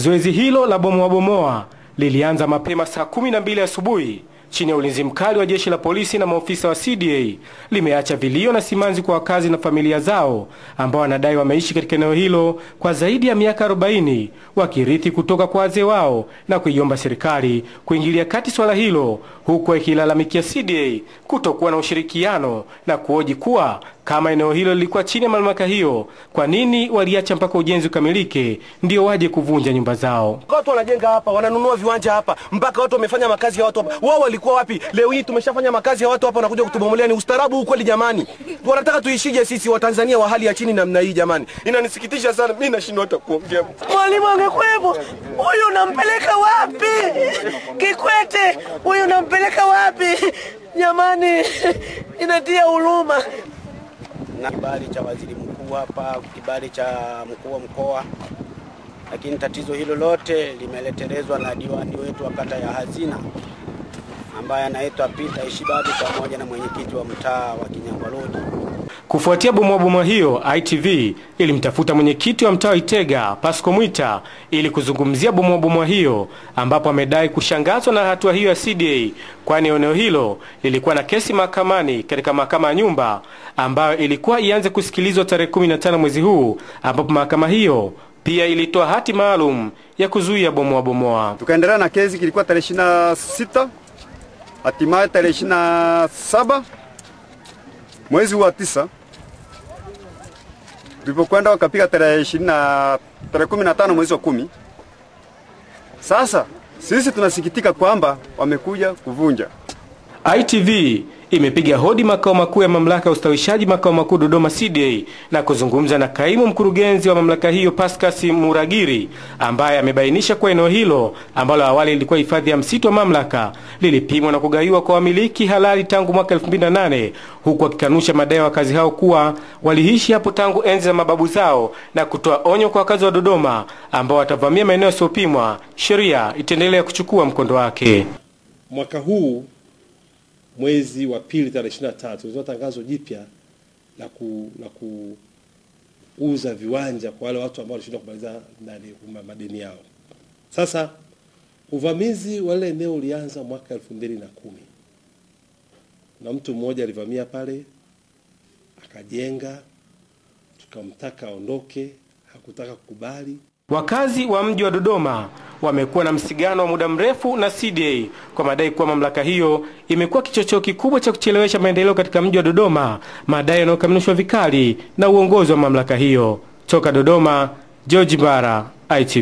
Zoezi hilo la bomoabomoa lilianza mapema saa kumi na mbili asubuhi chini ya ulinzi mkali wa jeshi la polisi na maofisa wa CDA limeacha vilio na simanzi kwa wakazi na familia zao ambao wanadai wameishi katika eneo hilo kwa zaidi ya miaka 40 wakirithi kutoka kwa wazee wao na kuiomba serikali kuingilia kati swala hilo, huku akilalamikia CDA kutokuwa na ushirikiano na kuoji kuwa kama eneo hilo lilikuwa chini ya mamlaka hiyo, kwa nini waliacha mpaka ujenzi ukamilike ndio waje kuvunja nyumba zao? Watu wanajenga hapa, wananunua viwanja hapa, mpaka watu wamefanya makazi ya watu hapa. Wao walikuwa wapi? Leo hii tumeshafanya makazi ya watu hapa, wanakuja kutubomolea. Ni ustarabu huu kweli jamani? Wanataka tuishije sisi Watanzania wa hali ya chini namna hii jamani? Inanisikitisha sana, mimi nashindwa hata kuongea. Mwalimu angekuwepo, huyu nampeleka wapi? Kikwete, huyu nampeleka wapi? Jamani, inatia huruma na kibali cha waziri mkuu hapa, kibali cha mkuu wa mkoa, lakini tatizo hilo lote limeletelezwa na diwani wetu wa kata ya Hazina ambaye anaitwa Peter Ishibadi pamoja na mwenyekiti wa mtaa wa Kinyangwa Lodge. Kufuatia bomoabomoa hiyo, ITV ilimtafuta mwenyekiti wa mtaa wa Itega Pasco Mwita ili kuzungumzia bomoabomoa hiyo, ambapo amedai kushangazwa na hatua hiyo ya CDA, kwani eneo hilo lilikuwa na kesi mahakamani katika mahakama ya nyumba ambayo ilikuwa ianze kusikilizwa tarehe 15 mwezi huu, ambapo mahakama hiyo pia ilitoa hati maalum ya kuzuia bomoabomoa. Tukaendelea na kesi, kilikuwa tarehe 26, hatimaye tarehe 27 mwezi wa tisa tulipokwenda wakapiga tarehe ishirini na tarehe kumi na tano mwezi wa kumi. Sasa sisi tunasikitika kwamba wamekuja kuvunja ITV imepiga hodi makao makuu ya mamlaka ya ustawishaji makao makuu Dodoma CDA na kuzungumza na kaimu mkurugenzi wa mamlaka hiyo paskasi Muragiri ambaye amebainisha kuwa eneo hilo ambalo awali lilikuwa hifadhi ya msitu wa mamlaka lilipimwa na kugaiwa kwa wamiliki halali tangu mwaka 2008 huku akikanusha madai ya wakazi hao kuwa waliishi hapo tangu enzi za mababu zao na kutoa onyo kwa wakazi wa Dodoma ambao watavamia maeneo yasiyopimwa, sheria itaendelea kuchukua mkondo wake. Mwaka huu mwezi wa pili tarehe ishirini tatu tulitoa tangazo jipya la ku, la kuuza viwanja kwa wale watu ambao walishindwa kumaliza madeni yao. Sasa uvamizi wa lile eneo ulianza mwaka elfu mbili na kumi na mtu mmoja alivamia pale akajenga, tukamtaka aondoke, hakutaka kukubali. Wakazi wa mji wa Dodoma wamekuwa na msigano wa muda mrefu na CDA kwa madai kuwa mamlaka hiyo imekuwa kichocheo kikubwa cha kuchelewesha maendeleo katika mji wa Dodoma, madai yanayokaminushwa vikali na uongozi wa mamlaka hiyo. Toka Dodoma, George Mbara, ITV.